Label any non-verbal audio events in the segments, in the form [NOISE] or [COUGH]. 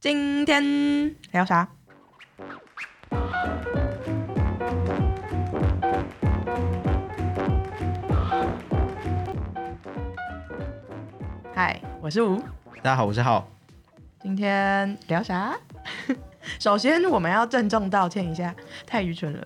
今天聊啥？嗨，我是吳，大家好，我是浩。今天聊啥？ [LAUGHS] 首先，我們要鄭重道歉一下，太愚蠢了。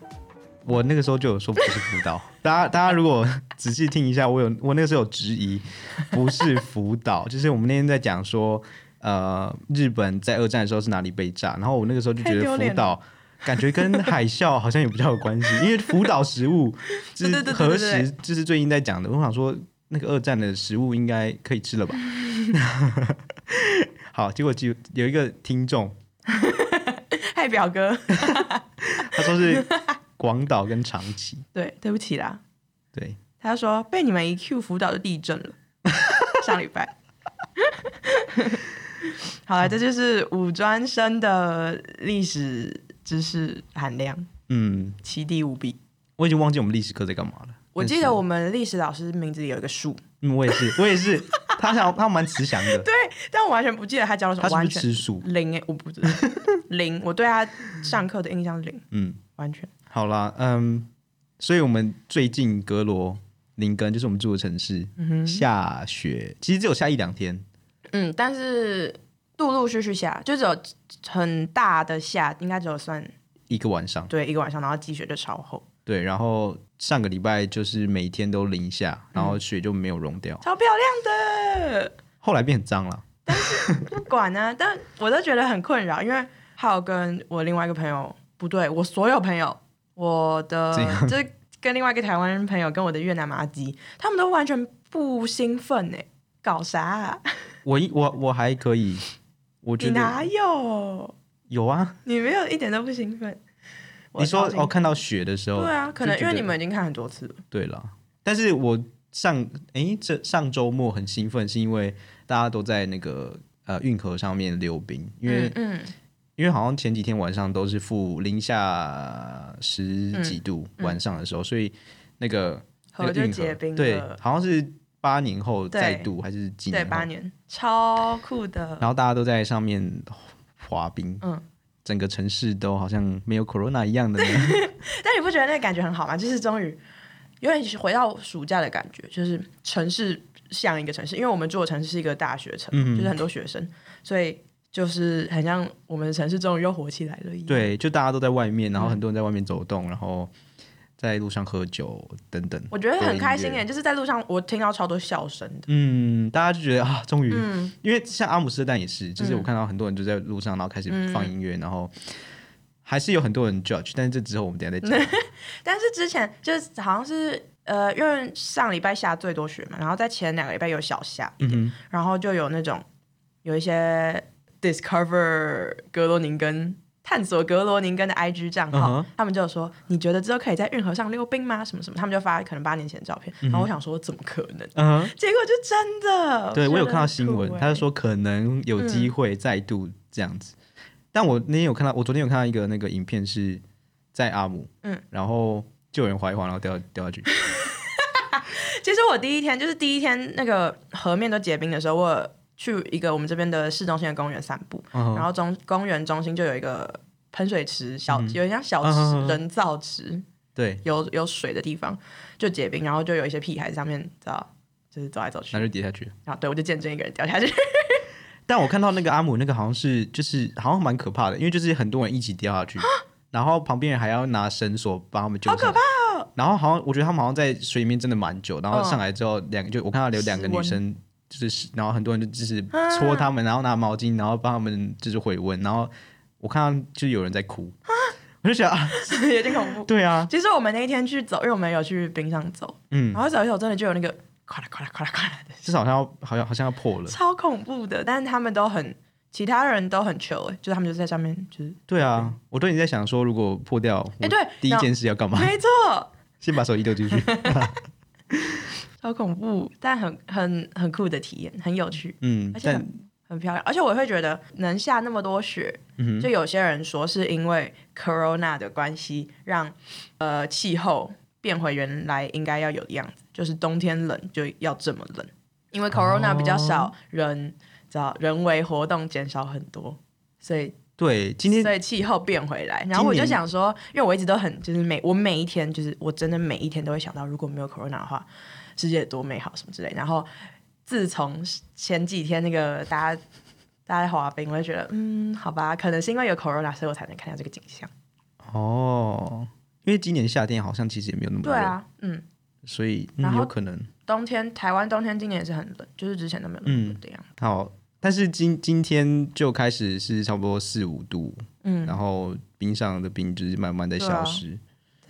我那個時候就有說不是輔導， [LAUGHS] 大家大家如果 [LAUGHS] 仔細聽一下，我有我那個時候有質疑，不是輔導， [LAUGHS] 就是我們那天在講說。呃，日本在二戰的時候是哪裡被炸？然後我那個時候就覺得福島，感覺跟海嘯好像也比較有關係， [LAUGHS] 因為福島食物，是核食就是最近在講的對對對對對對對。我想說，那個二戰的食物應該可以吃了吧？ [LAUGHS] 好，結果就有一個聽眾，嗨， [LAUGHS] 表哥， [LAUGHS] 他說是廣島跟長崎，對，對不起啦，對，他說被你們一 Q 福島就地震了， [LAUGHS] 上禮拜。 [LAUGHS] 好啦，這就是五專生的歷史知識含量，嗯，奇低無比。我已經忘記我們歷史課在幹嘛了。我記得我們歷史老師名字裡有一個“樹”，嗯，我也是，我也是。 [LAUGHS] 他想他還蠻慈祥的，對，但我完全不記得他教了什麼。是是吃完全慈樹零、欸，我不知道 [LAUGHS] 零。我對他上課的印象是零，嗯，完全。好啦，嗯，所以我們最近格羅林根就是我們住的城市，嗯、哼，下雪其實只有下一兩天。嗯，但是陸陸續續下，就只有很大的下，應該只有算一個晚上。對，一個晚上，然後積雪就超厚。對，然後上個禮拜就是每一天都零下，嗯，然後雪就沒有融掉，超漂亮的。後來變很髒了，但是不管呢，啊， [LAUGHS] 但我都覺得很困擾，因為還有跟我另外一個朋友，不對，我所有朋友，我的 [LAUGHS] 就是跟另外一個台灣朋友，跟我的越南麻吉，他們都完全不興奮哎，欸。搞啥、啊 [LAUGHS] 我？我一我我還可以，我覺得、啊、你哪有？有啊，你沒有一點都不興奮。你說哦，看到雪的時候，對啊，可能因為你們已經看很多次了。對了，但是我上誒，這、欸、上周末很興奮，是因為大家都在那個呃運河上面溜冰，因為嗯，嗯，因為好像前幾天晚上都是負零下十幾度，晚上的時候，嗯嗯、所以那個、那個、河就結冰了，對，好像是。八年後再度對，還是幾年對？八年，超酷的。然後大家都在上面滑冰，嗯，整個城市都好像沒有 corona 一樣的。但你不覺得那個感覺很好嗎？就是終於因為回到暑假的感覺，就是城市像一個城市。因為我們住的城市是一個大學城，嗯嗯，就是很多學生，所以就是很像我們的城市終於又活起來了一樣。對，就大家都在外面，然後很多人在外面走動，嗯、然後。在路上喝酒等等，我覺得很開心耶！就是在路上，我聽到超多笑聲的。嗯，大家就覺得啊，終於、嗯，因為像阿姆斯特丹也是，就是我看到很多人就在路上，然後開始放音樂，嗯、然後還是有很多人 judge，但是這之後我們等下再講。 [LAUGHS] 但是之前就是好像是呃，因為上禮拜下最多雪嘛，然後在前兩個禮拜有小下、嗯，然後就有那種有一些 discover 格羅寧根。探索格羅寧根的 IG 賬號，uh -huh. 他們就說：“你覺得之後可以在運河上溜冰嗎？什麼什麼？”他們就發可能八年前的照片，mm -hmm. 然後我想說：“怎麼可能？” uh -huh. 結果就真的。對我、欸、我有看到新聞，他就說可能有機會再度這樣子、嗯。但我那天有看到，我昨天有看到一個那個影片是在阿姆，嗯，然後就有人滑一滑然後掉掉下去。 [LAUGHS] 其實我第一天就是第一天，那個河面都結冰的時候，我。去一個我們這邊的市中心的公園散步，哦、然後中公園中心就有一個噴水池小、嗯、有一像小池、哦、好好人造池，對，有有水的地方就結冰，然後就有一些屁孩子上面走，就是走來走去，那就跌下去啊！然後對，我就見證一個人掉下去， [LAUGHS] 但我看到那個阿姆那個好像是就是好像蠻可怕的，因為就是很多人一起掉下去，啊、然後旁邊還要拿繩索把他們救上，好可怕、哦！然後好像我覺得他們好像在水裡面真的蠻久，然後上來之後、嗯、兩個就我看到有兩個女生。就是，然後很多人就只是搓他們、啊，然後拿毛巾，然後幫他們就是回溫。然後我看到就有人在哭，啊、我就想啊，有 [LAUGHS] 挺恐怖。 [LAUGHS] 對啊，其實我們那一天去走，因為我們有去冰上走，嗯，然後走一走，真的就有那個咔啦咔啦咔啦咔啦的，就是好像要好像好像要破了，超恐怖的。但是他們都很，其他人都很 chill、欸、就是他們就在上面，就是對啊對，我對你在想說，如果破掉，哎對，第一件事要幹嘛？沒錯，先把手機丟進去。 [LAUGHS] [LAUGHS] 很恐怖，嗯、但很很很酷的體驗，很有趣，嗯，而且很，但很漂亮，而且我會覺得能下那麼多雪，嗯，就有些人說是因為 Corona 的關係，讓呃氣候變回原來應該要有的樣子，就是冬天冷就要這麼冷，因為 Corona，哦，比較少人，知道人為活動減少很多，所以對今天，所以氣候變回來，然後我就想說，因為我一直都很就是每我每一天就是我真的每一天都會想到，如果沒有 Corona 的話。世界多美好，什麼之類。然後自從前幾天那個大家大家滑冰，我就覺得，嗯，好吧，可能是因為有 corona，所以我才能看到這個景象。哦，因為今年夏天好像其實也沒有那麼冷。對啊，嗯。所以、嗯、有可能冬天台灣冬天今年也是很冷，就是之前都沒有那麼冷的樣子。好，但是今今天就開始是差不多四五度，嗯，然後冰上的冰就是慢慢的消失、啊。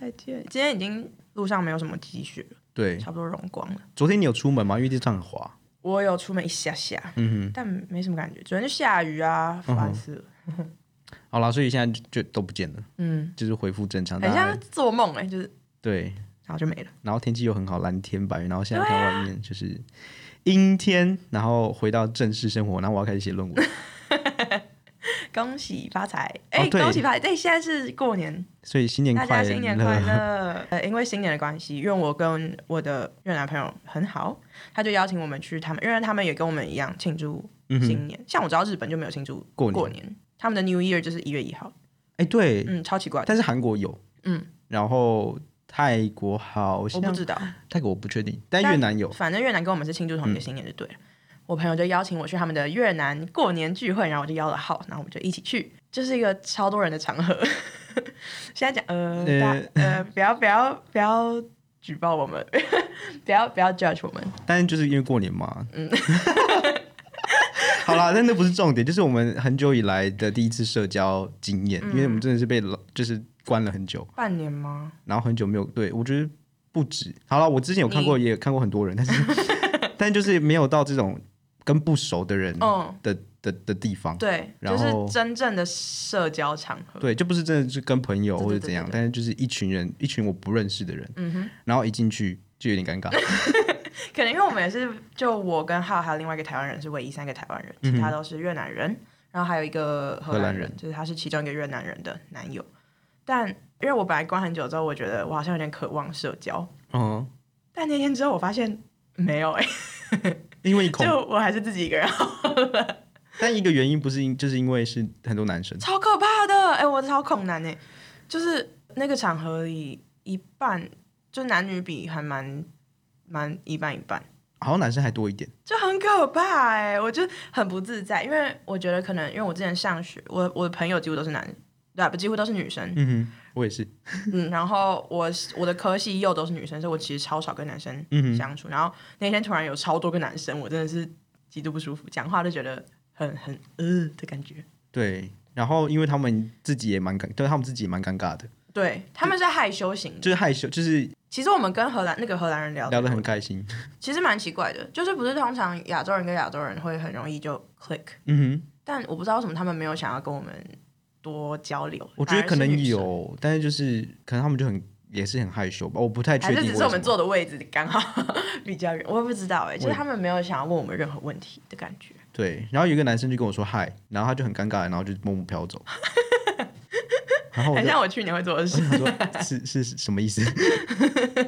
再見，今天已經路上沒有什麼積雪了。對，差不多融光了。昨天你有出門嗎？因為地上很滑。我有出門一下下，嗯，但沒什麼感覺，昨天就下雨啊，煩死了。嗯、 [LAUGHS] 好了，所以現在就都不見了，嗯，就是恢復正常。等一下做夢哎、欸，就是。對，然後就沒了。然後天氣又很好，藍天白雲。然後現在看外面就是陰天、啊。然後回到正式生活，然後我要開始寫論文。 [LAUGHS] 恭喜發財！哎、欸哦，恭喜發財！對、欸，現在是過年，所以新年快樂，大家新年快樂。呃， [LAUGHS] 因為新年的關係，因為我跟我的越南朋友很好，他就邀請我們去他們，因為他們也跟我們一樣慶祝新年、嗯。像我知道日本就沒有慶祝過年，過年，他們的 New Year 就是一月一號。哎、欸，對，嗯，超奇怪。但是韓國有，嗯，然後泰國好像我不知道，泰國我不確定，但越南有，反正越南跟我們是慶祝同一個新年就對了。嗯我朋友就邀請我去他們的越南過年聚會，然後我就邀了號，然後我們就一起去，就是一個超多人的場合。現在講呃呃，呃，不要不要不要舉報我們，不要不要 judge 我們。但是就是因為過年嘛，嗯， [LAUGHS] 好啦，但那不是重點，就是我們很久以來的第一次社交經驗，嗯，因為我們真的是被就是關了很久，半年嗎？然後很久沒有，對我覺得不止。好啦，我之前有看過，也有看過很多人，但是 [LAUGHS] 但就是沒有到這種。跟不熟的人的、哦、的的,的地方，對，然後、就是、真正的社交場合，對，就不是真的，是跟朋友或者怎樣對對對對對對，但是就是一群人，一群我不認識的人，嗯哼，然後一進去就有點尷尬， [LAUGHS] 可能因為我們也是，就我跟浩還有另外一個台灣人是唯一三個台灣人、嗯，其他都是越南人，然後還有一個荷蘭,荷蘭人，就是他是其中一個越南人的男友，但因為我本來關很久之後，我覺得我好像有點渴望社交，嗯哼，但那天之後我發現沒有哎、欸。 [LAUGHS] 因為恐就我還是自己一個人好了， [LAUGHS] 但一個原因不是因，就是因為是很多男生，超可怕的。哎、欸，我超恐男呢、欸？就是那個場合裡一半，就男女比還蠻蠻一半一半，好像男生還多一點，就很可怕哎、欸，我就很不自在，因為我覺得可能因為我之前上學，我我的朋友幾乎都是男，對不、啊？幾乎都是女生，嗯哼我也是 [LAUGHS] 嗯，然後我我的科系又都是女生，所以我其實超少跟男生相處、嗯。然後那天突然有超多個男生，我真的是極度不舒服，講話都覺得很很呃的感覺。對，然後因為他們自己也蠻尷，對他們自己也蠻尷尬的。對，他們是害羞型就，就是害羞，就是其實我們跟荷蘭那個荷蘭人聊聊，聊得很開心，其實蠻奇怪的，就是不是通常亞洲人跟亞洲人會很容易就 click，嗯哼，但我不知道為什麼他們沒有想要跟我們。多交流，我覺得可能有，但是就是可能他們就很也是很害羞吧，我不太確定。還是只是我們坐的位置剛好呵呵比較遠，我不知道哎、欸，就是他們沒有想要問我們任何問題的感覺。對，然後有一個男生就跟我說嗨，然後他就很尷尬，然後就默默飄走。 [LAUGHS] 很像我去年會做的事，說是是，是什麼意思？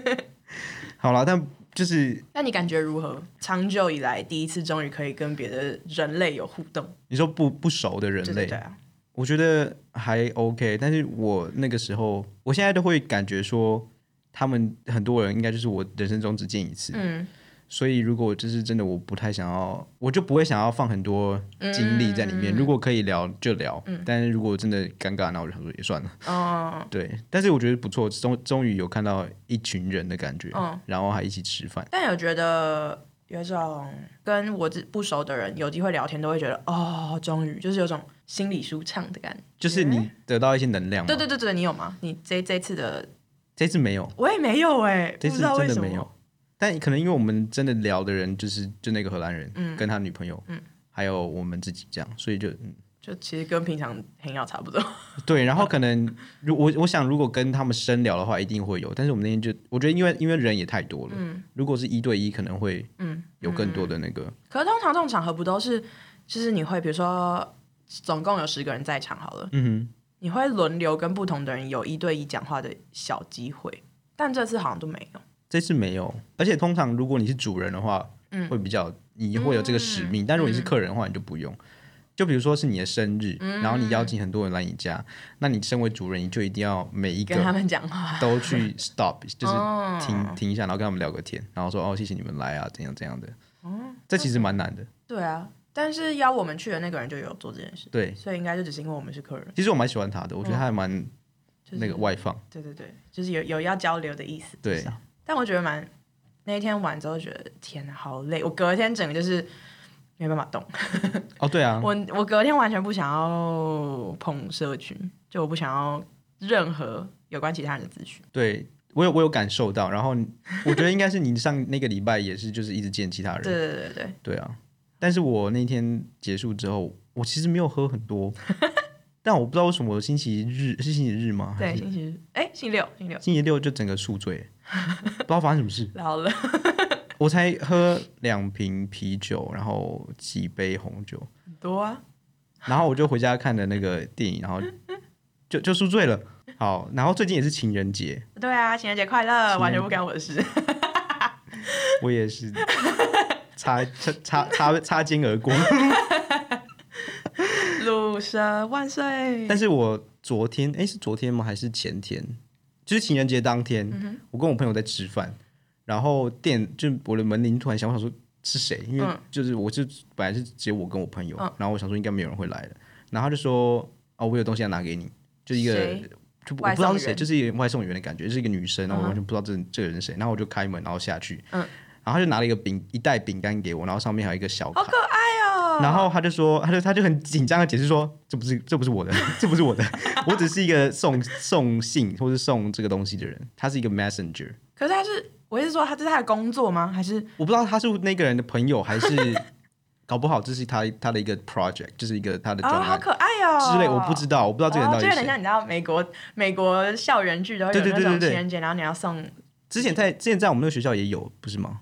[LAUGHS] 好了，但就是，那你感覺如何？長久以來第一次，終於可以跟別的人類有互動。你說不不熟的人類。是的，對啊。我覺得還 OK，但是我那個時候，我現在都會感覺說，他們很多人應該就是我人生中只見一次，嗯，所以如果就是真的我不太想要，我就不會想要放很多精力在裡面。嗯嗯，如果可以聊就聊，嗯，但是如果真的尷尬，那我就想說也算了，嗯，對，但是我覺得不錯，終終於有看到一群人的感覺，嗯，然後還一起吃飯，嗯，但有覺得有種跟我不不熟的人有機會聊天，都會覺得哦，終於就是有種。心理舒暢的感覺就是你得到一些能量、嗯。對對對對，你有嗎？你這這次的這次沒有，我也沒有哎，這次真的沒有。但可能因為我們真的聊的人就是就那個荷蘭人，嗯、跟他女朋友、嗯，還有我們自己這樣，所以就、嗯、就其實跟平常很要差不多。對，然後可能如 [LAUGHS] 我我想，如果跟他們深聊的話，一定會有。但是我們那天就我覺得，因為因為人也太多了、嗯，如果是一對一，可能會有更多的那個。嗯嗯、可是通常這種場合不都是就是你會比如說。總共有十個人在場好了，嗯哼，你會輪流跟不同的人有一對一講話的小機會，但這次好像都沒有。這次沒有，而且通常如果你是主人的話，嗯，會比較，你會有這個使命、嗯，但如果你是客人的話、嗯，你就不用。就比如說是你的生日，嗯、然後你邀請很多人來你家，嗯、那你身為主人，你就一定要每一個都去 stop， [LAUGHS] 就是停聽停 [LAUGHS] 一下，然後跟他們聊個天，然後說，哦，謝謝你們來啊，怎樣怎樣的，嗯，這其實蠻難的。對啊。但是邀我們去的那個人就有做這件事，對，所以應該就只是因為我們是客人。其實我蠻喜歡他的，我覺得他還蠻，嗯就是，那個外放。對對對，就是有有要交流的意思。對，但我覺得蠻那一天晚之後覺得天好累，我隔一天整個就是沒辦法動。 [LAUGHS] 哦，對啊。我我隔天完全不想要碰社群，就我不想要任何有關其他人的資訊。對我有我有感受到，然後我覺得應該是你上那個禮拜也是就是一直見其他人。 [LAUGHS] 對對對對。對啊。但是我那天結束之後，我其實沒有喝很多， [LAUGHS] 但我不知道為什麼星期日是星期日嗎？對，星期日，哎、欸，星期六，星期六就整個宿醉， [LAUGHS] 不知道發生什麼事。 [LAUGHS] 老了，我才喝兩瓶啤酒，然後幾杯紅酒，多啊。然後我就回家看的那個電影，然後就就宿醉了。好，然後最近也是情人節。對啊，情人節快樂，完全不干我的事。 [LAUGHS] 我也是。擦擦擦擦擦肩而過，魯蛇萬歲！但是我昨天哎，是昨天嗎？還是前天？就是情人節當天，嗯、我跟我朋友在吃飯，然後店就我的門鈴突然響，我想說是誰？因為就是我就、嗯、本來是只有我跟我朋友、嗯，然後我想說應該沒有人會來的，然後他就說哦，我有東西要拿給你，就一個就我不知道是誰，就是一個外送員的感覺，就是一個女生，然後我完全不知道這、嗯、這個人是誰，然後我就開門，然後下去，嗯然後他就拿了一個餅，一袋餅乾給我，然後上面還有一個小卡，好可愛哦。然後他就說，他就他就很緊張的解釋說：“這不是這不是我的，這不是我的， [LAUGHS] 我只是一個送 [LAUGHS] 送信或者送這個東西的人。他是一個 messenger。可是他是，我是說，他是這是他的工作嗎？還是我不知道他是那個人的朋友，還是搞不好這是他 [LAUGHS] 他的一個 project，就是一個他的專業、哦、好可愛哦之類。我不知道，我不知道這個人到底是誰。有點像你知道美國美國校園劇都有那種情人節，然後你要送。之前在之前在我們那個學校也有，不是嗎？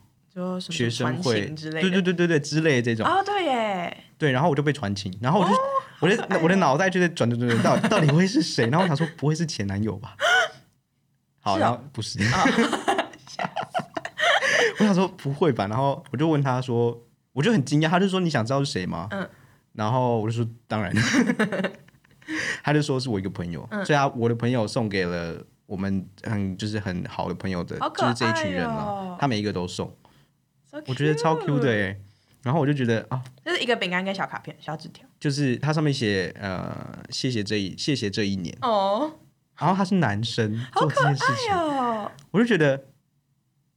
學生會傳情之類？對對對對對，之類的這種、oh, 對耶。對，然後我就被傳情，然後我就、oh, 我的、啊、我的腦袋就在轉轉轉， [LAUGHS] 到底到底會是誰？然後我想說，不會是前男友吧？好，哦、然後不是。Oh. [LAUGHS] [LAUGHS] 我想說不會吧？然後我就問他說，我就很驚訝，他就說你想知道是誰嗎？嗯、然後我就說當然。 [LAUGHS] 他就說是我一個朋友，對、嗯、啊，我的朋友送給了我們很就是很好的朋友的、哦，就是這一群人嘛，他每一個都送。So、我覺得超 Q 的、欸，然後我就覺得啊，就、哦、是一個餅乾跟小卡片、小紙條，就是它上面寫呃謝謝這一謝謝這一年哦，Oh. 然後他是男生做這件事情、哦，我就覺得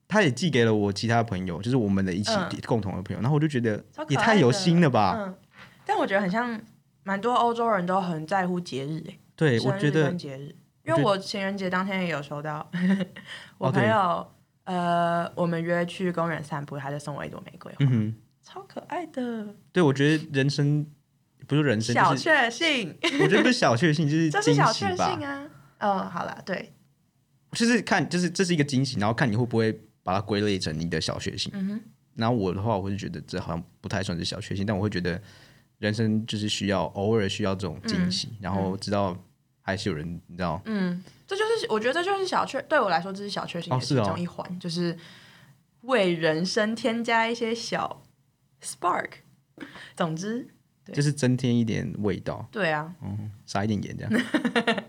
他也寄給了我其他朋友，就是我們的一起、嗯、共同的朋友，然後我就覺得也太有心了吧，嗯、但我覺得很像蠻多歐洲人都很在乎節日、欸，哎，對，我覺得因為我情人節當天也有收到我， [LAUGHS] 我朋友、okay.。呃，我們約去公園散步，他就送我一朵玫瑰花、嗯，超可愛的。對，我覺得人生不是人生，小確幸。就是、 [LAUGHS] 我覺得不是小確幸，就是驚喜吧。就是小確幸啊。嗯、哦，好了，對，就是看，就是這是一個驚喜，然後看你會不會把它歸類成你的小確幸、嗯。然後我的話，我就覺得這好像不太算是小確幸，但我會覺得人生就是需要偶爾需要這種驚喜、嗯，然後知道、嗯。還是有人，你知道？嗯，這就是我覺得這就是小確，對我來說這是小確幸，其中一環、哦是哦，就是為人生添加一些小 spark。總之，就是增添一點味道。對啊，嗯，撒一點鹽這樣。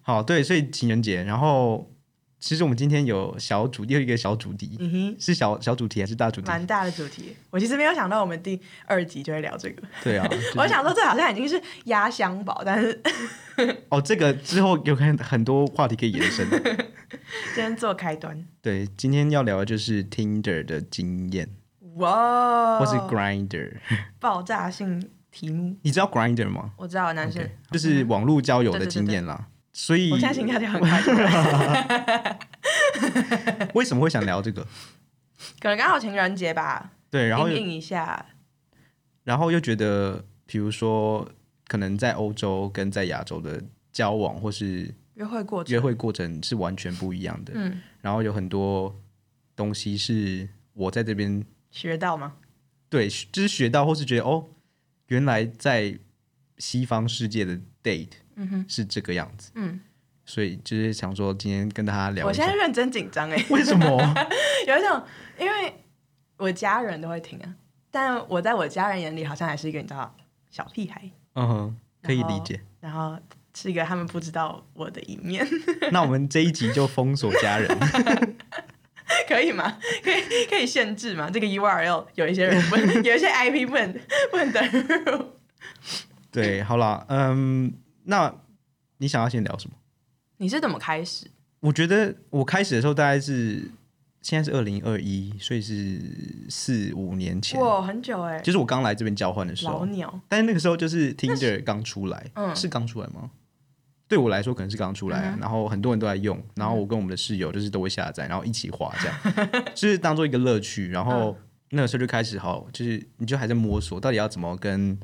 [LAUGHS] 好，對，所以情人節，然後。其實我們今天有小主又一個小主題，嗯哼，是小小主題還是大主題？蠻大的主題。我其實沒有想到我們第二集就會聊這個。對啊，就是、 [LAUGHS] 我想說這好像已經是壓箱寶，但是 [LAUGHS] 哦，這個之後有很很多話題可以延伸。 [LAUGHS] 今天做開端。對，今天要聊的就是 Tinder 的經驗。哇，哦，或是 Grinder。 [LAUGHS] 爆炸性題目。你知道 Grinder 嗎？我知道，男生 Okay, 就是網路交友的經驗啦。嗯所以我現在心跳就很快。 [LAUGHS] [LAUGHS] 為什麼會想聊這個？ [LAUGHS] 可能剛好情人節吧。對，然後應一下。然後又覺得，比如說，可能在歐洲跟在亞洲的交往或是約會過約會過程是完全不一樣的。 [LAUGHS] 嗯。然後有很多東西是我在這邊學到嗎？對，就是學到或是覺得哦，原來在西方世界的。Date，嗯、是這個樣子，嗯，所以就是想說今天跟大家聊一下。我現在認真緊張，欸，為什麼？ [LAUGHS] 有一種，因為我家人都會聽啊，但我在我家人眼裡好像還是一個你知道小屁孩，嗯，可以理解。然後，然後是一個他們不知道我的一面。 [LAUGHS] 那我們這一集就封鎖家人， [LAUGHS] [LAUGHS] 可以嗎？可以可以限制嗎？這個 URL 有一些人問， [LAUGHS] 有一些 IP 問問的。 [LAUGHS] 對，好了，嗯，那你想要先聊什麼？你是怎麼開始？我覺得我開始的時候大概是現在是二零二一，所以是四五年前哇、哦，很久哎、欸。就是我剛來這邊交換的時候，老鳥。但是那個時候就是 Tinder 剛出來，嗯，是剛出來嗎？對我來說可能是剛出來、啊嗯、然後很多人都在用，然後我跟我們的室友就是都會下載，然後一起滑，這樣 [LAUGHS] 就是當做一個樂趣。然後那個時候就開始，好，就是你就還在摸索，到底要怎麼跟。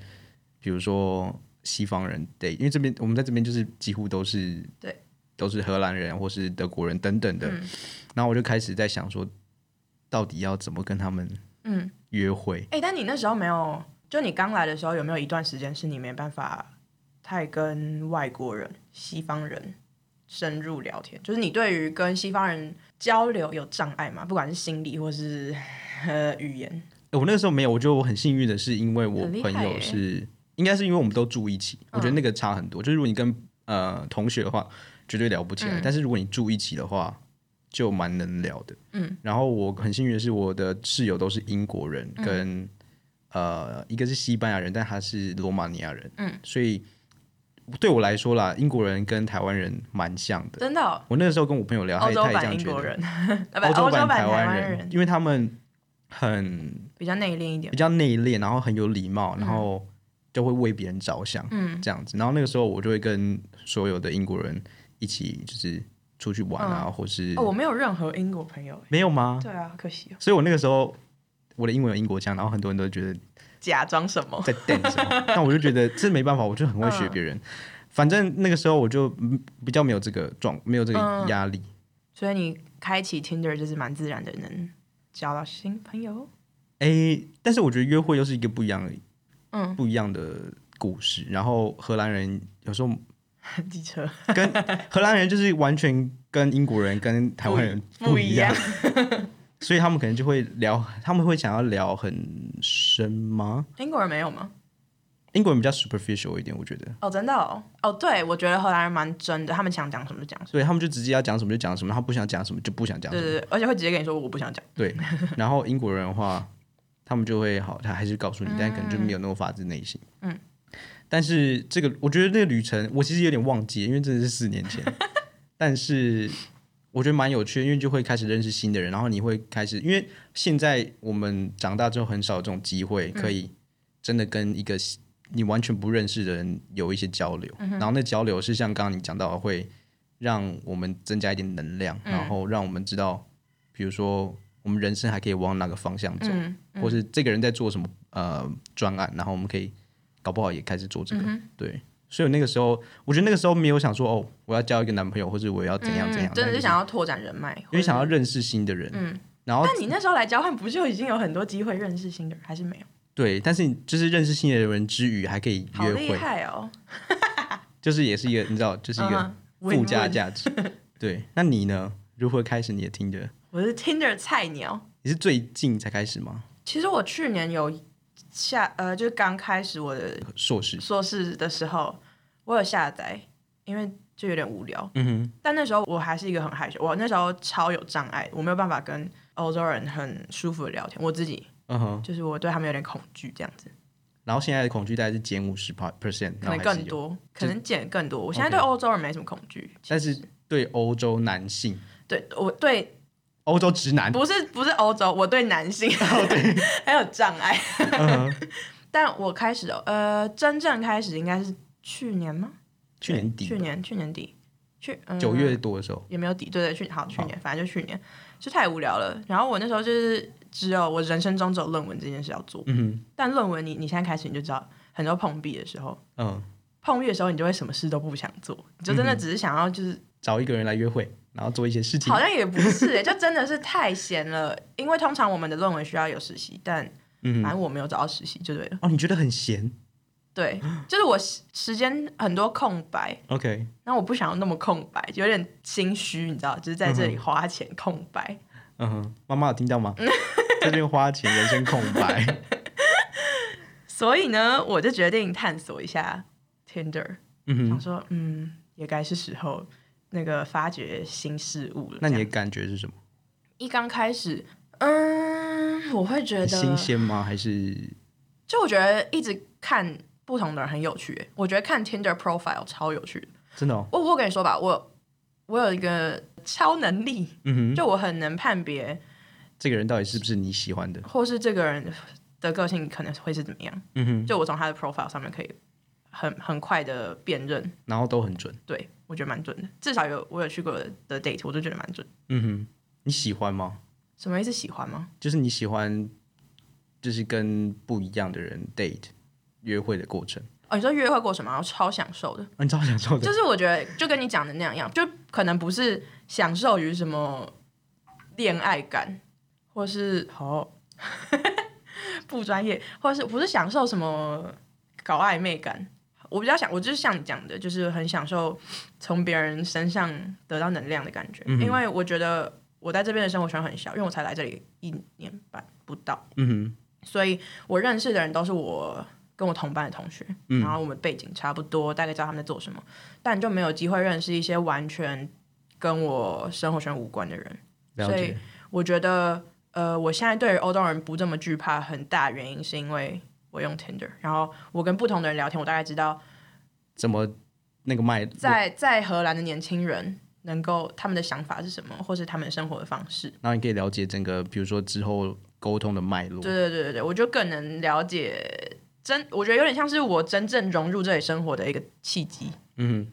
比如說西方人對，因為這邊我們在這邊就是幾乎都是對，都是荷蘭人或是德國人等等的。嗯。然後我就開始在想說，到底要怎麼跟他們嗯約會？哎，嗯欸，但你那時候沒有，就你剛來的時候有沒有一段時間是你沒辦法太跟外國人、西方人深入聊天？就是你對於跟西方人交流有障礙嗎？不管是心理或是、呃、語言。欸，我那時候沒有，我覺得我很幸運的是，因為我朋友是。應該是因為我們都住一起，嗯，我覺得那個差很多。就是如果你跟呃同學的話，絕對聊不起來，嗯。但是如果你住一起的話，就蠻能聊的，嗯。然後我很幸運的是，我的室友都是英國人，跟，嗯、呃一個是西班牙人，但他是羅馬尼亞人，嗯。所以對我來說啦，英國人跟台灣人蠻像的。真的。哦，我那個時候跟我朋友聊，他也這樣覺得。歐洲版台灣人，人，因為他們很比較內斂一點，比較內斂，然後很有禮貌，然後。嗯就會為別人着想、嗯，這樣子。然後那個時候，我就會跟所有的英國人一起，就是出去玩啊，嗯、或是、哦……我沒有任何英國朋友。沒有嗎？對啊，可惜、哦。所以我那個時候我的英文有英國腔，然後很多人都覺得假裝什麼在 dent 什麼。那 [LAUGHS] 我就覺得這沒辦法，我就很會學別人、嗯。反正那個時候我就比較沒有這個狀，沒有這個壓力。嗯、所以你開啟 Tinder 就是蠻自然的，能交到新朋友。哎，但是我覺得約會又是一個不一樣的。嗯，不一樣的故事。然後荷蘭人有時候，很機車，跟荷蘭人就是完全跟英國人跟台灣人不一樣，嗯、所以他們可能就會聊，他們會想要聊很深嗎？英國人沒有嗎？英國人比較 superficial 一點，我覺得。哦，真的哦，哦對，我覺得荷蘭人蠻真的，他們想講什麼就講什麼，對，他們就直接要講什麼就講什麼，他不想講什麼就不想講，對對對，而且會直接跟你說我不想講。對，然後英國人的話。他們就會好，他還是告訴你，嗯嗯，但可能就沒有那麼發自內心。嗯，但是這個我覺得那個旅程，我其實有點忘記，因為真的這是四年前。 [LAUGHS] 但是我覺得蠻有趣，因為就會開始認識新的人，然後你會開始，因為現在我們長大之後很少這種機會，可以真的跟一個你完全不認識的人有一些交流。嗯、然後那交流是像剛剛你講到的，會讓我們增加一點能量，嗯、然後讓我們知道，比如說。我們人生還可以往哪個方向走、嗯嗯，或是這個人在做什麼？呃，專案，然後我們可以搞不好也開始做這個。嗯、對，所以我那個時候，我覺得那個時候沒有想說哦，我要交一個男朋友，或是我要怎樣怎樣，真、嗯、的、就是就是想要拓展人脈，因為想要認識新的人。嗯、然後，但你那時候來交換，不就已經有很多機會認識新的人，還是沒有？對，但是就是認識新的人之餘，還可以約會好厲害哦。 [LAUGHS] 就是也是一個，你知道，就是一個附加價值。啊啊 Win-win [LAUGHS] 對，那你呢？如何開始？你也聽着。我是 Tinder 菜鳥，你是最近才開始嗎？其實我去年有下，呃，就剛開始我的碩士碩士的時候，我有下載，因為就有點無聊。嗯哼。但那時候我還是一個很害羞，我那時候超有障礙，我沒有辦法跟歐洲人很舒服的聊天。我自己，嗯哼，就是我對他們有點恐懼這樣子。然後現在的恐懼大概是減五十 per percent，可能更多，可能減更多。我現在對歐洲人沒什麼恐懼，但是對歐洲男性，對我對。歐洲直男，不是不是歐洲，我對男性 [LAUGHS] 還有障礙。 [LAUGHS] Uh -huh. 但我開始、喔、呃，真正開始應該是去年嗎？去年底，去年去年底，去、呃、九月多的時候也沒有底。對對，對，去好去年好，反正就去年就太無聊了。然後我那時候就是只有我人生中只有論文這件事要做。嗯哼。但論文你你現在開始你就知道很多碰壁的時候，嗯、uh -huh.，碰壁的時候你就會什麼事都不想做，你就真的只是想要就是、uh -huh. 找一個人來約會。然後做一些事情，好像也不是誒、欸， [LAUGHS] 就真的是太閒了。因為通常我們的論文需要有實習，但反正我沒有找到實習就對了、嗯。哦，你覺得很閒？對，就是我時間很多空白。OK，那 [COUGHS] 我不想要那麼空白，就有點心虛，你知道，就是在這裡花錢空白。嗯哼，媽、嗯、媽有聽到嗎？ [LAUGHS] 在這邊花錢，人生空白。 [LAUGHS] 所以呢，我就決定探索一下 Tinder。嗯哼，想說，嗯，也該是時候那個發掘新事物了，那你的感覺是什麼？一剛開始，嗯，我會覺得新鮮嗎？還是就我覺得一直看不同的人很有趣。我覺得看 Tinder profile 超有趣的，真的哦？我我跟你說吧，我我有一個超能力，嗯哼，就我很能判別這個人到底是不是你喜歡的，或是這個人的個性可能會是怎麼樣。嗯哼，就我從他的 profile 上面可以。很很快的辨認，然後都很準，對，我覺得蠻準的。至少有我有去過的，的 date，我都覺得蠻準。嗯哼，你喜歡嗎？什麼意思？喜歡嗎？就是你喜歡，就是跟不一樣的人 date 約會的過程。哦，你說約會過程嗎？然後超享受的。嗯、啊，超享受，就是我覺得就跟你講的那樣，一樣，就可能不是享受於什麼戀愛感，或是哦 [LAUGHS] 不專業，或者是不是享受什麼搞曖昧感？我比較想，我就是像你講的，就是很享受從別人身上得到能量的感覺，嗯、因為我覺得我在這邊的生活圈很小，因為我才來這裡一年半不到，嗯、所以我認識的人都是我跟我同班的同學、嗯，然後我們背景差不多，大概知道他們在做什麼，但就沒有機會認識一些完全跟我生活圈無關的人，所以我覺得，呃，我現在對於歐洲人不這麼懼怕，很大原因是因為。我用 Tinder，然後我跟不同的人聊天，我大概知道怎麼那個脈。在在荷蘭的年輕人能夠他們的想法是什麼，或是他們生活的方式。那你可以了解整個，比如說之後溝通的脈絡。對對對對對，我就更能了解真，我覺得有點像是我真正融入這裡生活的一個契機。嗯，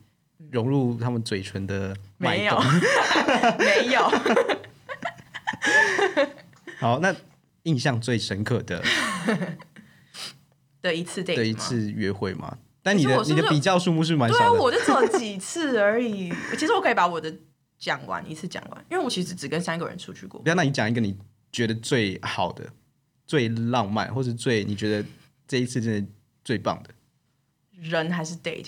融入他們嘴唇的沒有沒有。 [LAUGHS] [LAUGHS] [LAUGHS] 好，那印象最深刻的。的一次 date 一次約會嗎？但你的是是你的比較數目是蠻少。對，我就做了幾次而已。 [LAUGHS] 其實我可以把我的講完一次講完，因為我其實只跟三個人出去過。嗯、不要，那你講一個你覺得最好的、最浪漫，或是最你覺得這一次真的最棒的人還是 date？date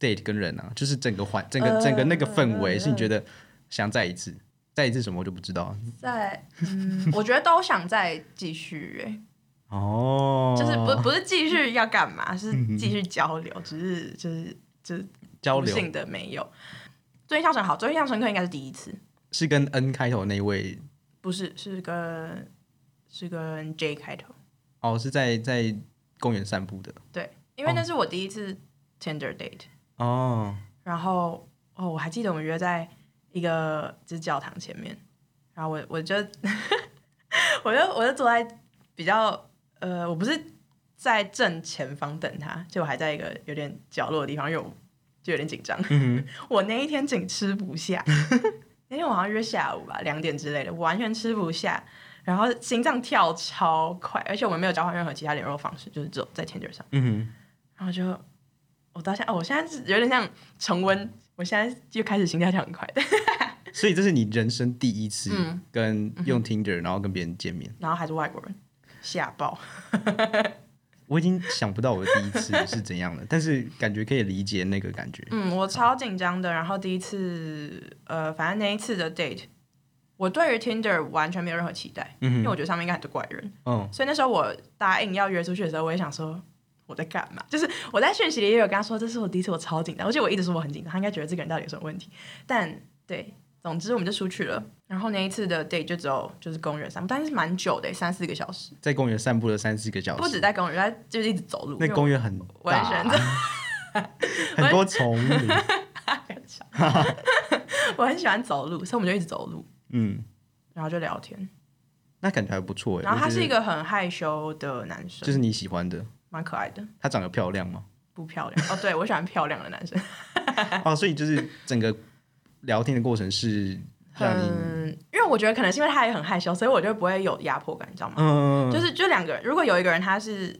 date 跟人啊，就是整個環、整個整個那個氛圍、呃，是你覺得想再一次、嗯，再一次什麼我就不知道、啊。在嗯， [LAUGHS] 我覺得都想再繼續、欸哦、oh. [LAUGHS] 就是就是，就是不不是繼續要幹嘛，是繼續交流，只是就是就交流性的沒有。最近相熟好，最近相熟課應該是第一次，是跟 N 開頭那位，不是是跟是跟 J 開頭。哦、oh,，是在在公園散步的，對，因為那是我第一次 tinder date、oh.。哦，然後哦我還記得我們約在一個就是教堂前面，然後我我就 [LAUGHS] 我就我就坐在比較。呃，我不是在正前方等他，就我還在一個有點角落的地方，因為我就有點緊張。嗯、 [LAUGHS] 我那一天緊吃不下， [LAUGHS] 那天我好像約下午吧，兩點之類的，完全吃不下，然後心臟跳超快，而且我們沒有交換任何其他聯絡方式，就是走在 Tinder 上。嗯、然後就我到現在，哦，我現在是有點像重溫，我現在就開始心跳跳很快。 [LAUGHS] 所以這是你人生第一次跟用 Tinder，、嗯、然後跟別人見面、嗯，然後還是外國人。嚇爆 [LAUGHS] ！我已經想不到我的第一次是怎樣的， [LAUGHS] 但是感覺可以理解那個感覺。嗯，我超緊張的、啊。然後第一次，呃，反正那一次的 date，我對於 Tinder 完全沒有任何期待，嗯、因為我覺得上面應該很多怪人。嗯、哦，所以那時候我答應要約出去的時候，我也想說我在幹嘛？就是我在訊息裡也有跟他說這是我第一次，我超緊張，而且我一直說我很緊張，他應該覺得這個人到底有什麼問題？但對，總之我們就出去了。然後那一次的 date 就只有就是公園散步，但是蠻久的，三四個小時。在公園散步了三四個小時。不止在公園，他就是一直走路。那個、公園很大，很多叢林，我很喜歡走路，所以我們就一直走路。嗯，然後就聊天，那感覺還不錯。然後他是一個很害羞的男生，就是你喜歡的，蠻可愛的。他長得漂亮嗎？不漂亮 [LAUGHS] 哦。對，我喜歡漂亮的男生。 [LAUGHS] 哦，所以就是整個聊天的過程是。嗯，因為我覺得可能是因為他也很害羞，所以我就不會有壓迫感，你知道嗎？嗯、就是就兩個人，如果有一個人他是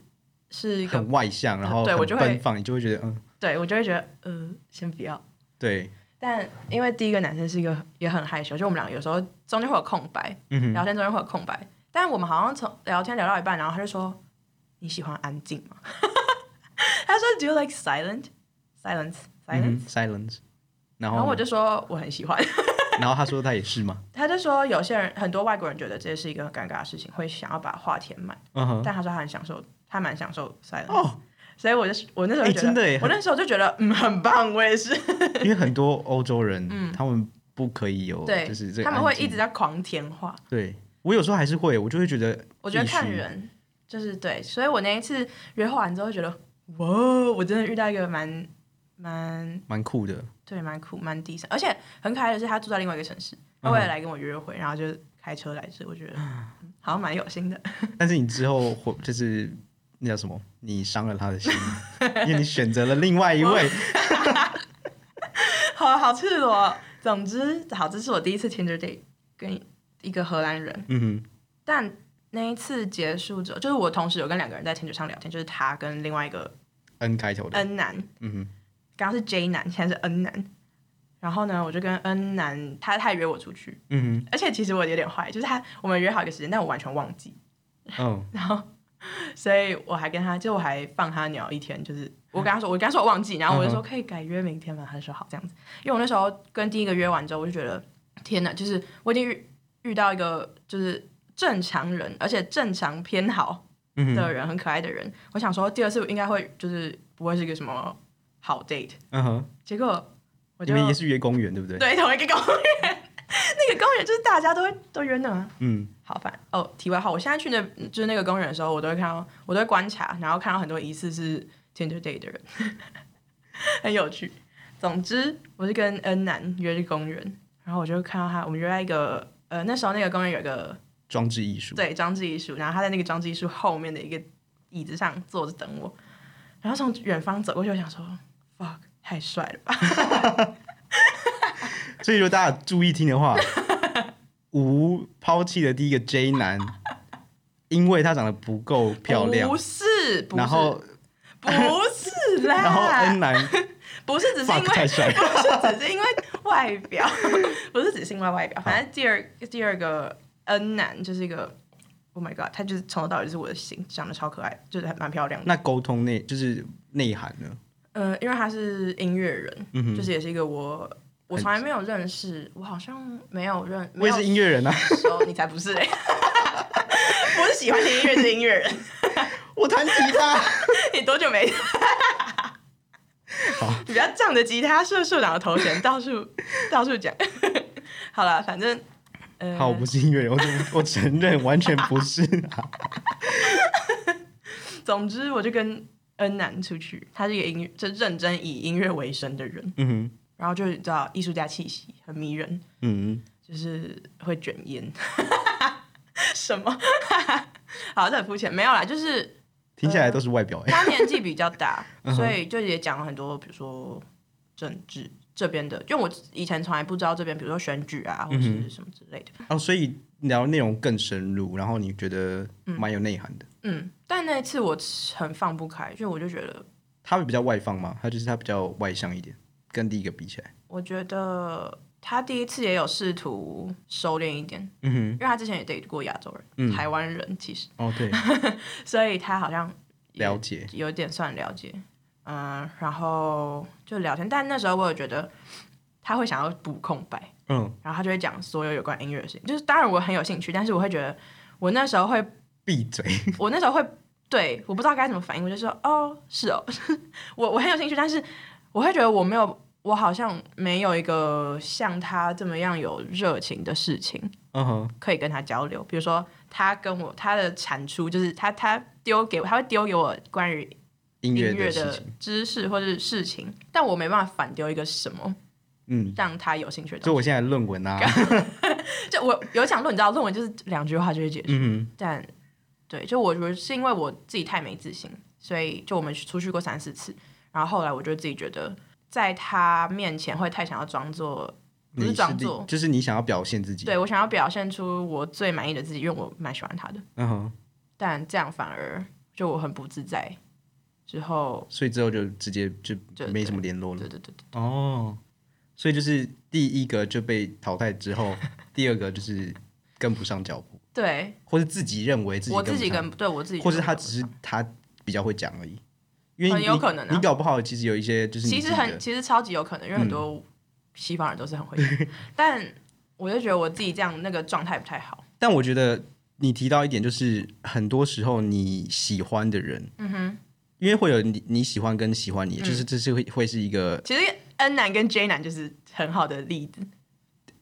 是一個很外向，然後、嗯、對，我就會很奔放，你就會覺得嗯，對我就會覺得呃，先不要。對。但因為第一個男生是一個也很害羞，就我們倆有時候中間會有空白，嗯、聊天中間會有空白。但我們好像從聊天聊到一半，然後他就說：“你喜歡安靜嗎？” [LAUGHS] 他說：“Do you like silent? Silence, silence、嗯、silence。”然後我就說：“我很喜歡。 [LAUGHS] ” [LAUGHS] 然後他說他也是嗎？他就說有些人，很多外國人覺得這是一個很尷尬的事情，會想要把話填滿。Uh-huh. 但他說他很享受，他蠻享受塞的、oh. 所以我就我那時候覺得我那時候就覺得、欸、真的耶，很就覺得嗯，很棒，我也是。 [LAUGHS] 因為很多歐洲人， [LAUGHS] 嗯，他們不可以有就是這個，他們會一直在狂填話。對，我有時候還是會，我就會覺得，我覺得看人就是對。所以我那一次約會完之後，覺得哇，我真的遇到一個蠻蠻蠻酷的。對，蠻酷，蠻 decent，而且很可愛的是，他住在另外一個城市，他、啊、為了來跟我約會，然後就開車來這，我覺得好像蠻有心的。但是你之後，就是那叫什麼？你傷了他的心， [LAUGHS] 因為你選擇了另外一位。 [LAUGHS] 好好次羅，總之好，這是，是我第一次 tinder date 跟一個荷蘭人。嗯哼。但那一次結束之後，就是我同時有跟兩個人在 tinder 上聊天，就是他跟另外一個 N, N 開頭的 N 男。嗯哼剛剛是 J 男，現在是 N 男，然後呢，我就跟 N 男，他他也約我出去，嗯，而且其實我有點壞，就是他我們約好一個時間，但我完全忘記，哦，然後，所以我還跟他，就我還放他鳥一天，就是我跟他說，嗯、我跟他說我忘記，然後我就說可以改約明天嘛，他就說好這樣子，因為我那時候跟第一個約完之後，我就覺得天哪，就是我已經遇遇到一個就是正常人，而且正常偏好的人，嗯、很可愛的人，我想說第二次應該會就是不會是一個什麼。好 date，嗯哼、uh -huh，結果，我就，你們也是約公園，對不對？對，同一個公園， [LAUGHS] 那個公園就是大家都會都約的嘛。嗯，好煩哦。Oh, 題外話，我現在去那，就是那個公園的時候，我都會看到，我都會觀察，然後看到很多疑似是 Tinder date 的人， [LAUGHS] 很有趣。總之，我是跟 N 男約去公園，然後我就會看到他，我們約在一個呃那時候那個公園有一個裝置藝術，對裝置藝術，然後他在那個裝置藝術後面的一個椅子上坐着等我，然後從遠方走過去，我想說。太帥了吧！ [LAUGHS] [LAUGHS] 所以說大家注意聽的話，吳拋棄了第一個 J 男，因為他長得不夠漂亮。不是，不是然後不是啦。 [LAUGHS] 然後 N 男不是，只是因為 [LAUGHS] 不是，只是因為外表， [LAUGHS] 不是，只是因為外,外表。 [LAUGHS] 反正第二第二個 N 男就是一個，Oh my God！他就是從頭到尾就是我的型，長得超可愛，就是還蠻漂亮的。那溝通內就是內涵呢？呃，因為他是音樂人、嗯，就是也是一個我，我從來沒有認識，我好像沒有認，有我也是音樂人啊，你才不是嘞、欸，我 [LAUGHS] 是喜歡聽音樂， [LAUGHS] 是音樂樂人， [LAUGHS] 我彈吉他， [LAUGHS] 你多久沒？好、 [LAUGHS] 啊，你比較仗的吉他社社長的頭銜，到處 [LAUGHS] 到處講講， [LAUGHS] 好了，反正，好、呃啊，我不是音樂人我，我承認 [LAUGHS] 完全不是啊， [LAUGHS] 總之我就跟。恩南出去，他是一個音樂，就認真以音樂為生的人。嗯哼，然後就是知道藝術家氣息很迷人。嗯，就是會捲菸。 [LAUGHS] 什麼？ [LAUGHS] 好，這很膚淺。沒有啦，就是聽起來都是外表、呃。他年紀比較大、 [LAUGHS] 嗯，所以就也講了很多，比如說政治這邊的。因為我以前從來不知道這邊，比如說選舉啊，或者什麼之類的。嗯、哦，所以聊內容更深入，然後你覺得蠻有內涵的。嗯嗯，但那一次我很放不開，就我就覺得他比較外放嘛，他就是他比較外向一點，跟第一個比起來，我覺得他第一次也有試圖收斂一點，嗯哼，因為他之前也得過亞洲人，嗯、台灣人其實哦對， [LAUGHS] 所以他好像了解，有點算了解，嗯，然後就聊天，但那時候我有覺得他會想要補空白，嗯，然後他就會講所有有關音樂的事情，就是當然我很有興趣，但是我會覺得我那時候會。閉嘴！ [LAUGHS] 我那時候會，對，我不知道該怎麼反應，我就說哦，是哦， [LAUGHS] 我我很有興趣，但是我會覺得我沒有，我好像沒有一個像他這麼樣有熱情的事情，嗯哼，可以跟他交流。Uh-huh. 比如說他跟我他的產出就是他他丟給我，他會丟給我關於音樂的知識或者事、事情，但我沒辦法反丟一個什麼，嗯，讓他有興趣的。就我現在論文啊， [LAUGHS] [LAUGHS] 就我有想論你知道，論文就是兩句話就會結束，嗯嗯，但。對，就我覺得是因為我自己太沒自信，所以就我們出去過三四次，然後後來我就自己覺得在他面前會太想要裝作，不是裝作，是就是你想要表現自己，對，我想要表現出我最滿意的自己，因為我蠻喜歡他的，嗯哼，但這樣反而就我很不自在，之後，所以之後就直接就沒什麼聯絡了，對對，對對對對，哦、oh，所以就是第一個就被淘汰之後， [LAUGHS] 第二個就是跟不上腳步。對，或是自己認為自己，我自己跟對我自己，或是他只是他比較會講而已，因為很有可能、啊、你搞不好其實有一些就是其實很其實超級有可能，因為很多西方人都是很會講、嗯，但我就覺得我自己這樣那個狀態不太好。 [LAUGHS] 但我覺得你提到一點就是，很多時候你喜歡的人，嗯哼，因為會有你你喜歡跟喜歡你，嗯、就是這是會會是一個，其實 N 男跟 J 男就是很好的例子。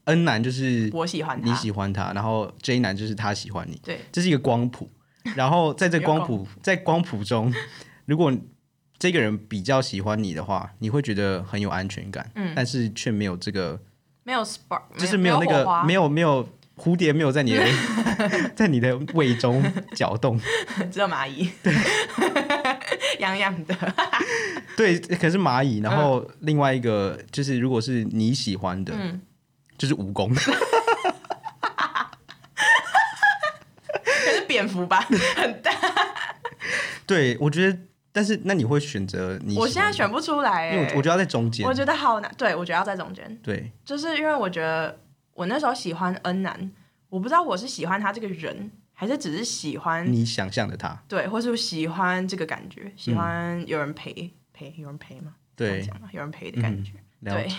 N 男就是我喜歡你喜歡他，然後 J 男就是他喜歡你。對，這是一個光譜。然後在這光譜 [LAUGHS] 在光譜中，如果這個人比較喜歡你的話，你會覺得很有安全感，嗯、但是卻沒有這個沒有 spark，沒有就是沒有那個沒有沒有,沒有蝴蝶沒有在你的 [LAUGHS] [LAUGHS] 在你的胃中攪動， [LAUGHS] 只有螞蟻，對，癢 [LAUGHS] 癢洋洋的 [LAUGHS] 對，可是螞蟻。然後另外一個、嗯、就是，如果是你喜歡的，嗯就是蜈蚣，哈 [LAUGHS] 哈 [LAUGHS] 可是蝙蝠吧，很大 [LAUGHS] [LAUGHS] 對，我覺得，但是那你會選擇你？我現在選不出來、欸，我覺得要在中間。我覺得好難，對，我覺得要在中間。對，就是因為我覺得我那時候喜歡恩南，我不知道我是喜歡他這個人，還是只是喜歡你想象的他，對，或是喜歡這個感覺，喜歡有人陪、嗯、陪有人陪嗎？對，有人陪的感覺，嗯、對，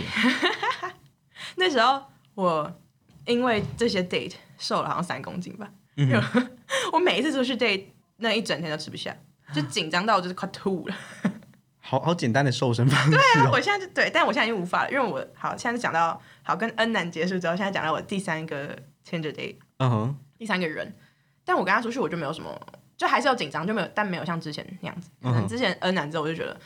[LAUGHS] 那時候。我因為這些 date，瘦了好像三公斤吧、嗯我。我每一次出去 date，那一整天都吃不下，就緊張到我就是快吐了。 [LAUGHS] 好好簡單的瘦身方式、哦、對啊，我現在就對，但我現在已經無法了，因為我好現在就講到好跟恩楠結束之後，現在講到我的第三個 tinder date，嗯哼，第三個人，但我跟他出去我就沒有什麼，就還是要緊張，就沒有，但沒有像之前那樣子。Uh -huh. 之前恩楠之後我就覺得，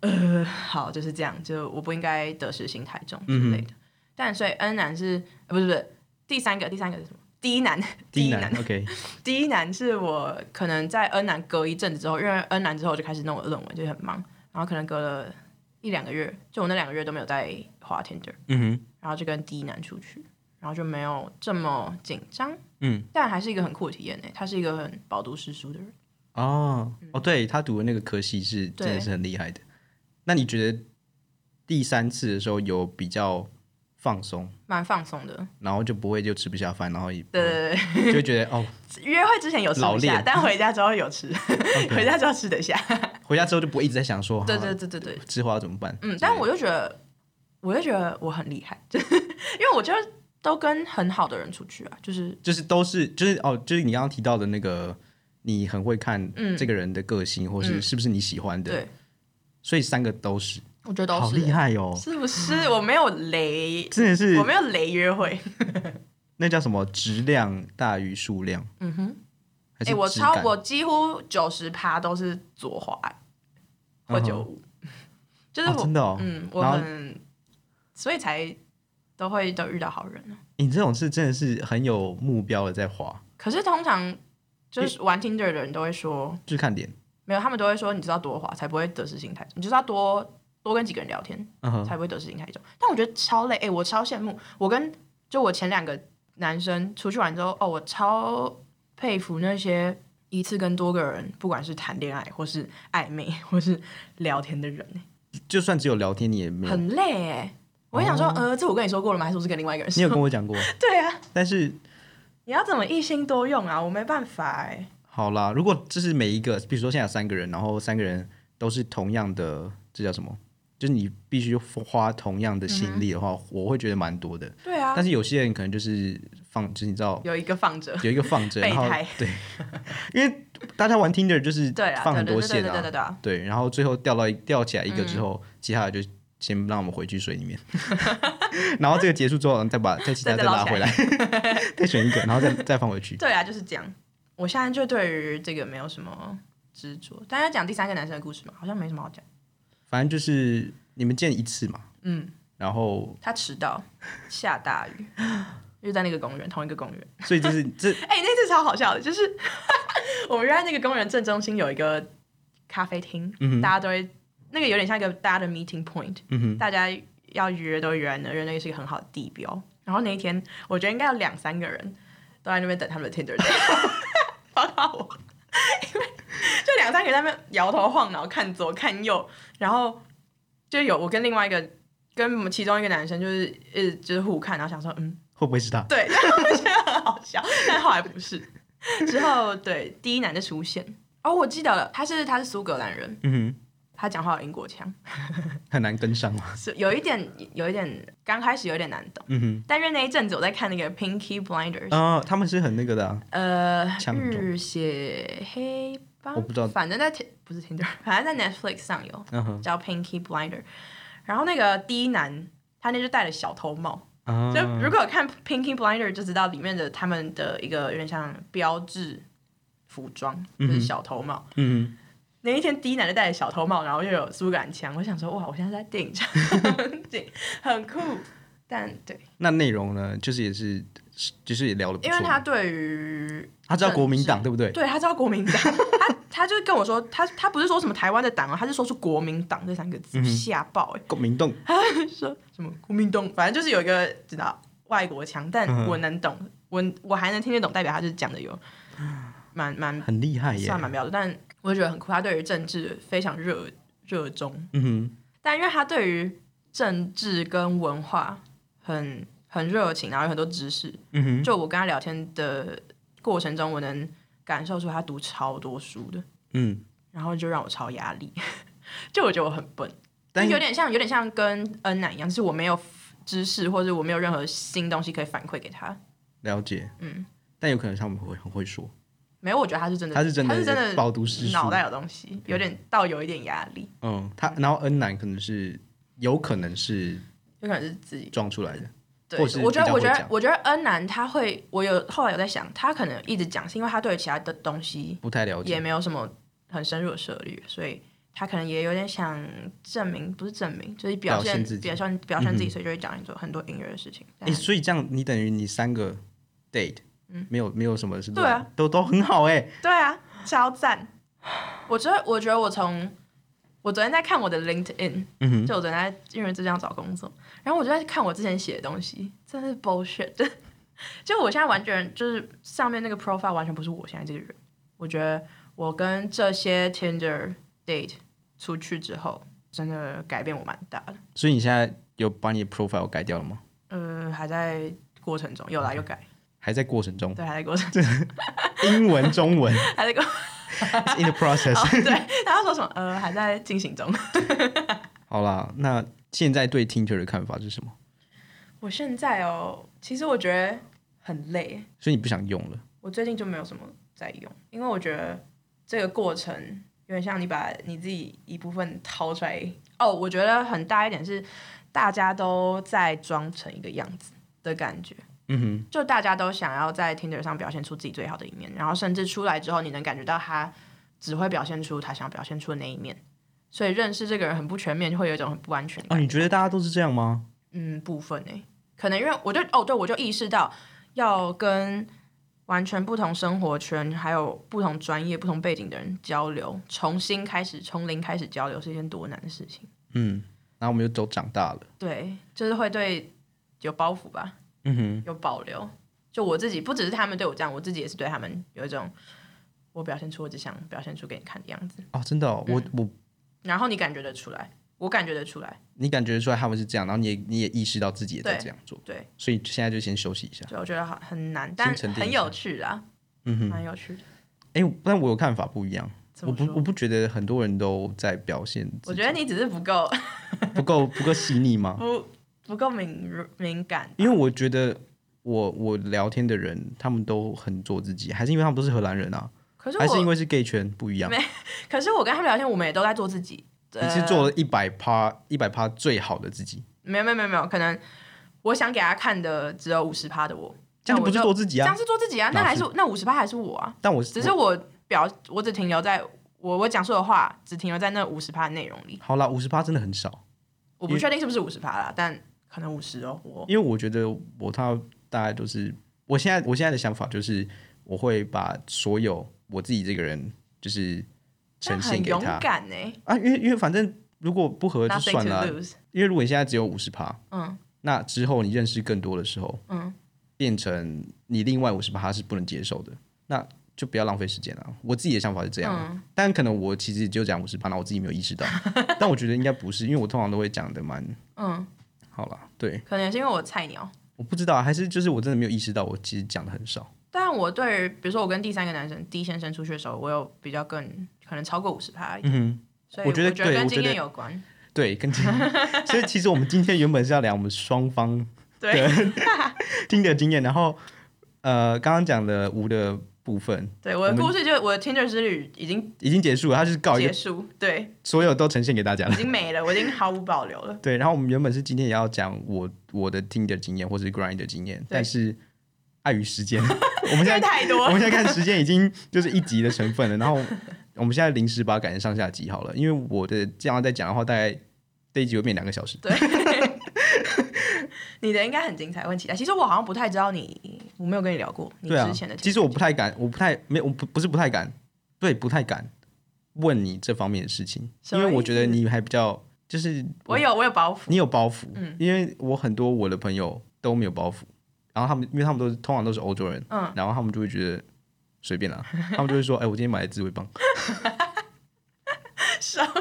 呃，好就是這樣，就我不應該得失心太重之類的。嗯但所以 N 男是、欸、不是不是第三個？第三個是什麼 D 男 D 男 OK D 男是我可能在 N 男隔一陣子之後，因為 N 男之後就開始弄我的論文，就很忙。然後可能隔了一兩個月，就我那兩個月都沒有在滑 Tinder，嗯哼，然後就跟 D 男出去，然後就沒有這麼緊張，嗯。但還是一個很酷的體驗呢。他是一個很飽讀詩書的人，哦哦，嗯、哦對，他讀的那個科系是真的是很厲害的。那你覺得第三次的時候有比較？放鬆，蠻放鬆的，然後就不會就吃不下飯，然後一，對，對，對對就會覺得哦， [LAUGHS] 約會之前有吃不下，但回家之後有吃， [LAUGHS] okay. 回家之後吃得下，回家之後就不會一直在想說，對對對對對，吃要怎麼辦？嗯，但我就覺得，我就覺得我很厲害，就 [LAUGHS] 是因為我就都跟很好的人出去啊，就是就是都是就是哦，就是你剛剛提到的那個，你很會看這個人的個性，嗯、或是、嗯、是不是你喜歡的，對，所以三個都是。我覺得、欸、好厲害喲、哦！是不是、嗯？我沒有雷，真的是我沒有雷約會。 [LAUGHS] 那叫什麼？質量大於數量。嗯哼。哎、欸，我超我幾乎九十趴都是左滑、欸、或九五、嗯，就是我、啊、真的、哦、嗯，我很所以才都會都遇到好人了、欸。你這種事真的是很有目標的在滑。可是通常就是玩 Tinder 的人都會說，欸、就看點沒有，他們都會說，你知道多滑才不會得失心態，你知道多。多跟幾個人聊天，uh -huh. 才不會得失心太重。但我覺得超累、欸，我超羨慕。我跟就我前兩個男生出去玩之後，哦，我超佩服那些一次跟多個人，不管是談戀愛或是曖昧或是聊天的人。就算只有聊天也沒有，你也很累哎、欸，我想說，oh. 呃，這我跟你說過了嗎？還是我是跟另外一個人？你有跟我講過？ [LAUGHS] 對啊。但是你要怎麼一心多用啊？我沒辦法、欸。好啦，如果這是每一個，比如說現在有三個人，然後三個人都是同樣的，這叫什麼？就是你必須花同樣的心力的話、嗯，我會覺得蠻多的。對啊。但是有些人可能就是放，就是你知道有一個放着，有一個放着，然後對， [LAUGHS] 因為大家玩 Tinder 就是放很多線的、啊，對，然後最後掉到一掉起來一個之後，接下來就先讓我們回去水裡面， [LAUGHS] [LAUGHS] [LAUGHS] 然後這個結束之後，再把再其他的拉回來， [LAUGHS] [LAUGHS] 再選一個，然後再再放回去。對啊，就是這樣。我現在就對於這個沒有什麼執着。但要講第三個男生的故事嘛，好像沒什麼好講。反正就是你們見一次嘛，嗯，然後他遲到，下大雨，又 [LAUGHS] 在那個公園，同一個公園，所以就是這，哎、 [LAUGHS] 欸，那次超好笑的，就是 [LAUGHS] 我們原來那個公園正中心有一個咖啡廳，嗯，大家都會那個有點像一個大家的 meeting point，嗯哼，大家要約都約那，因為那是一個很好的地標。然後那一天，我覺得應該有兩三個人都在那邊等他們的 tinder，包括我，因為。就兩三個人在那搖頭晃腦，看左看右，然後就有我跟另外一個跟我們其中一個男生就是呃就是互看，然後想說嗯會不會是他？對，然後覺得很好笑， [LAUGHS] 但後來不是。之後對第一男的出現哦，我記得了，他是他是蘇格蘭人，嗯哼，他講話有英國腔，很難跟上是、啊、 [LAUGHS] 有一點有一點剛開始有一點難懂，嗯哼。但是那一陣子我在看那個 Pinky Blinders，哦，他們是很那個的、啊，呃，日寫黑。啊、我不知道，反正在不是 Tinder，反正在 Netflix 上有、uh -huh. 叫《Pinky Blinder》，然後那個 D 男他那就戴了小偷帽，就、uh -huh. 如果有看《Pinky Blinder》就知道裡面的他們的一個有點像標志服裝就是小偷帽，嗯，那一天 D 男就戴着小偷帽，然後又有蘇格蘭腔，我想說哇，我現在在電影場， [LAUGHS] [LAUGHS] 很酷，但對，那內容呢，就是也是。就是也聊了，因為他對於他知道國民黨對不對？對他知道國民黨，對對他黨 [LAUGHS] 他，他就是跟我說，他他不是說什麼台灣的黨啊，他是說出國民黨這三個字嚇爆誒，國民黨，他說什麼國民黨，反正就是有一個知道外國腔，但我能懂，嗯、我我還能聽得懂，代表他就講的有，蠻蠻，蠻很厲害，也算蠻標準，但我就覺得很酷，他對於政治非常熱熱衷、嗯，但因為他對於政治跟文化很。很熱情，然後有很多知識。嗯哼，就我跟他聊天的過程中，我能感受出他讀超多書的。嗯，然後就讓我超壓力。 [LAUGHS] 就我覺得我很笨，但有點像，有點像跟恩南一樣，就是我沒有知識，或者我沒有任何新東西可以反饋給他。了解，嗯，但有可能他們會很會說。沒有，我覺得他是真的，他是真的包，他是真的飽讀詩書，腦袋有東西，有點倒有一點壓力。嗯，嗯嗯他然後恩奶可能是有可能是有可能是自己裝出來的。對，我覺得我覺得我覺得恩南他會，我有後來有在想，他可能一直講是因為他對其他的東西不太了解，也沒有什麼很深入的涉獵，所以他可能也有點想證明，不是證明，就是表現，表現自己，表現表現自己嗯嗯，所以就會講很多很多音樂的事情、欸。所以這樣你等於你三個 date 沒有沒有什麼是、嗯，對啊，都都很好哎、欸，對啊，超讚，我覺得我覺得我從。我昨天在看我的 LinkedIn、嗯、就我昨天在，因為就這，這樣找工作，然後我就在看我之前寫的東西，真的是 bullshit 就。就我現在完全就是上面那個 profile 完全不是我現在這個人。我覺得我跟這些 tinder date 出去之後，真的改變我蠻大的。所以你現在有把你的 profile 改掉了嗎？嗯、呃，還在過程中，有啦，有改，還在過程中，對，還在過程中。 [LAUGHS] 英文、中文，還在過。It's、in the process， [LAUGHS] 、oh, 對，他說什麼？呃，還在進行中 [LAUGHS] 對。好啦，那現在對 Tinder 的看法是什麼？我現在哦，其實我覺得很累，所以你不想用了。我最近就沒有什麼在用，因為我覺得這個過程有點像你把你自己一部分掏出來。哦，我覺得很大一點是大家都在裝成一個樣子的感覺。嗯哼， [NOISE] 就大家都想要在 Tinder 上表現出自己最好的一面，然後甚至出來之後，你能感覺到他只會表現出他想要表現出的那一面，所以認識這個人很不全面，就會有一種很不安全的感覺。啊，你覺得大家都是這樣嗎？嗯，部分呢、欸，可能因為我就哦，對我就意識到要跟完全不同生活圈、還有不同專業、不同背景的人交流，重新開始，從零開始交流是一件多難的事情。嗯，然後我們就都長大了。對，就是會對有包袱吧。嗯哼，有保留。就我自己，不只是他們對我這樣，我自己也是對他們有一種，我表現出我只想表現出給你看的樣子。哦，真的，哦，我，嗯，我。然後你感覺得出來，我感覺得出來，你感覺得出來他們是這樣，然後你也你也意識到自己也在這樣做對。對，所以現在就先休息一下。就我覺得很很難，但很有趣啊。嗯哼，很有趣。哎，欸，但我有看法不一樣。我不我不覺得很多人都在表現。我覺得你只是不夠 [LAUGHS] ，不夠不夠細膩嗎？不。不夠敏敏感，因為我覺得我我聊天的人他們都很做自己，還是因為他們不是荷蘭人啊？還是因為是 gay 圈不一樣。沒，可是我跟他們聊天，我們也都在做自己。呃、你是做了一百趴一百趴最好的自己？沒有沒有沒有沒有，可能我想給他看的只有五十趴的我，我，這樣不是做自己啊？這樣是做自己啊？那還是，是那五十趴還是我啊？但我是，只是我表我只停留在我我講述的話只停留在那五十趴的內容裡。好了，五十趴真的很少，我不確定是不是五十趴啦，但。可能五十哦，我因為我覺得我他大概都是我現在我現在的想法就是我會把所有我自己這個人就是呈現給他，很勇敢、欸、啊，因為因為反正如果不合就算了，因為如果你現在只有五十趴，嗯，那之後你認識更多的時候，嗯，變成你另外五十趴他是不能接受的，那就不要浪費時間了。我自己的想法是這樣，嗯、但可能我其實只有講五十趴，那我自己沒有意識到， [LAUGHS] 但我覺得應該不是，因為我通常都會講的蠻嗯。好了，對，可能也是因為我菜鳥，我不知道，還是就是我真的沒有意識到，我其實講的很少。但我對於比如說我跟第三個男生、D 先生出去的時候，我有比較更可能超過五十趴。嗯，所以我覺得跟經驗有關，對，跟經驗。 [LAUGHS] 所以其實我們今天原本是要聊我們雙方的 [LAUGHS] 對 [LAUGHS] Tinder 的經驗，然後呃，剛剛講的吳的。部分，對我的故事就我的 Tinder 之旅已經已經結束了，它就是告結束，對，所有都呈現給大家，了，已經沒了，我已經毫無保留了， [LAUGHS] 對。然後我們原本是今天也要講我我的 Tinder 經驗或是 grind 的經驗，但是礙於時間， [LAUGHS] 我們現在太多，我們現在看時間已經就是一集的成分了。 [LAUGHS] 然後我們現在臨時把它改成上下集好了，因為我的這樣再講的話，大概這一集會變兩個小時。對， [LAUGHS] 你的應該很精彩。問題他，其實我好像不太知道你。我沒有跟你聊過，對啊。你之前的。其實我不太敢，我不太沒我不我不是不太敢，對，不太敢問你這方面的事情，因為我覺得你還比較就是我，我有我有包袱，你有包袱，嗯，因為我很多我的朋友都沒有包袱，然後他們因為他們都是通常都是歐洲人，嗯，然後他們就會覺得隨便了，啊，他們就會說， [LAUGHS] 哎，我今天買了自慰棒，什麼？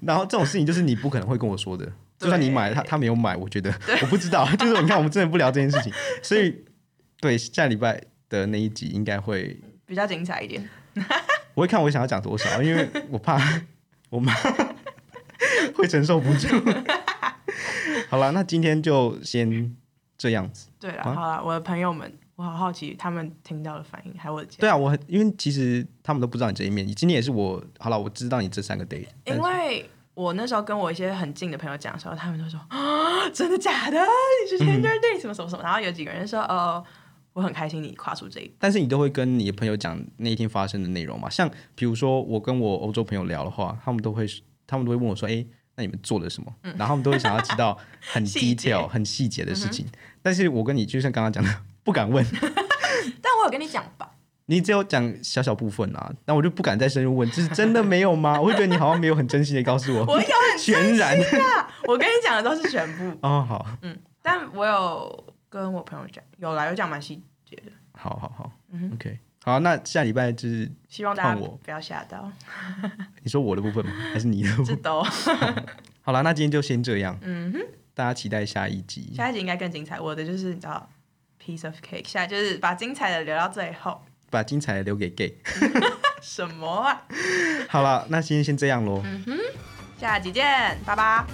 然後這種事情就是你不可能會跟我說的，就算你買了，他他沒有買，我覺得 [LAUGHS] 我不知道，就是你看我們真的不聊這件事情，所以。對，下禮拜的那一集應該會比較精彩一點。 [LAUGHS] 我會看我想要講多少，因為我怕 [LAUGHS] 我媽會承受不住。 [LAUGHS] 好了，那今天就先這樣子。對了、啊，好了，我的朋友們，我好好奇他們聽到的反應還有我的。對啊，我很因為其實他們都不知道你這一面，今天也是我好了，我知道你這三個 day。因為我那時候跟我一些很近的朋友講的時候，他們都說啊，真的假的？你是 Tinder day 什麼什麼什麼，嗯？然後有幾個人說哦。呃我很開心你跨出這一步，但是你都會跟你的朋友講那一天發生的內容嗎？像比如說我跟我歐洲朋友聊的話，他們都會他們都會問我說：“哎、欸，那你們做了什麼、嗯？”然後他們都會想要知道很 detail、很細節的事情、嗯。但是我跟你就像剛剛講的，不敢問。 [LAUGHS] 但我有跟你講吧？你只有講小小部分啊，那我就不敢再深入問。這是真的沒有嗎？ [LAUGHS] 我會覺得你好像沒有很真心的告訴我。我有很、啊、全然 [LAUGHS] 我跟你講的都是全部。哦，好，嗯，但我有。跟我朋友講，有啦，有講蠻細節的。好好好，嗯，OK，好啊，那下禮拜就是希望大家不要嚇到。 [LAUGHS] 你說我的部分嗎？還是你的部分？ [LAUGHS] 這都 [LAUGHS] [LAUGHS] 好了，那今天就先這樣。嗯哼，大家期待下一集。下一集應該更精彩。我的就是你知道，piece of cake。下一集就是把精彩的留到最後，把精彩的留給 gay。 [LAUGHS] [LAUGHS] 什麼啊？好了，那今天先這樣咯。嗯哼，下集見，拜拜。